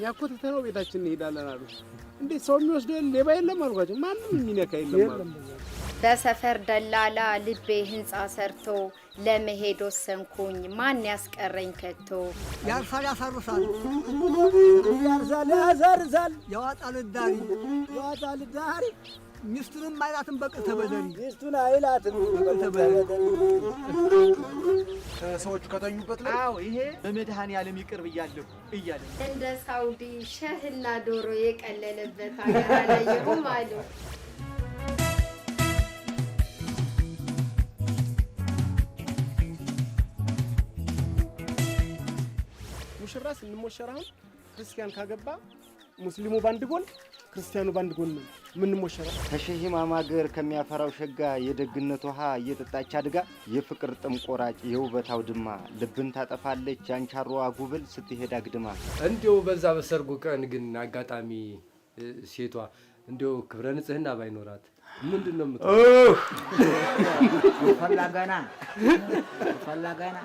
እኛ እኮ ትተነው ቤታችን እንሄዳለን አሉ። እንዴት ሰው የሚወስደን ሌባ የለም አልኳቸው። ማንም የሚነካ የለም አሉ። በሰፈር ደላላ ልቤ ህንፃ ሰርቶ ለመሄድ ወሰንኩኝ። ማን ያስቀረኝ ከቶ? ያርሳል፣ ያሳርሳል፣ ያርሳል፣ ያዘርዛል፣ ያዋጣል ዳሪ፣ ያዋጣል ዳሪ ሚስቱንም አይላትም በቅል ተበደሪ፣ ሚስቱን አይላትም በቅል ተበደሪ ሰዎቹ ከተኙበት ላይ አዎ፣ ይሄ በመድኃኔ ዓለም ይቅርብ እያለሁ እያለ እንደ ሳውዲ ሸህና ዶሮ የቀለለበት ሀገር አላየሁም አሉ። ሙሽራ ስንሞሸር አሁን ክርስቲያን ካገባ ሙስሊሙ ባንድ ጎን፣ ክርስቲያኑ ባንድ ጎን ነው የምንሞሸረው። ከሼህ ማማ ገር ከሚያፈራው ሸጋ የደግነት ውሃ እየጠጣች አድጋ የፍቅር ጥም ቆራጭ የውበት አውድማ ልብን ታጠፋለች የአንቻሮዋ ጉብል ስትሄድ አግድማ። እንዲው በዛ በሰርጉ ቀን ግን አጋጣሚ ሴቷ እንዲው ክብረ ንጽህና ባይኖራት ምንድን ነው ገና ፈላ ገና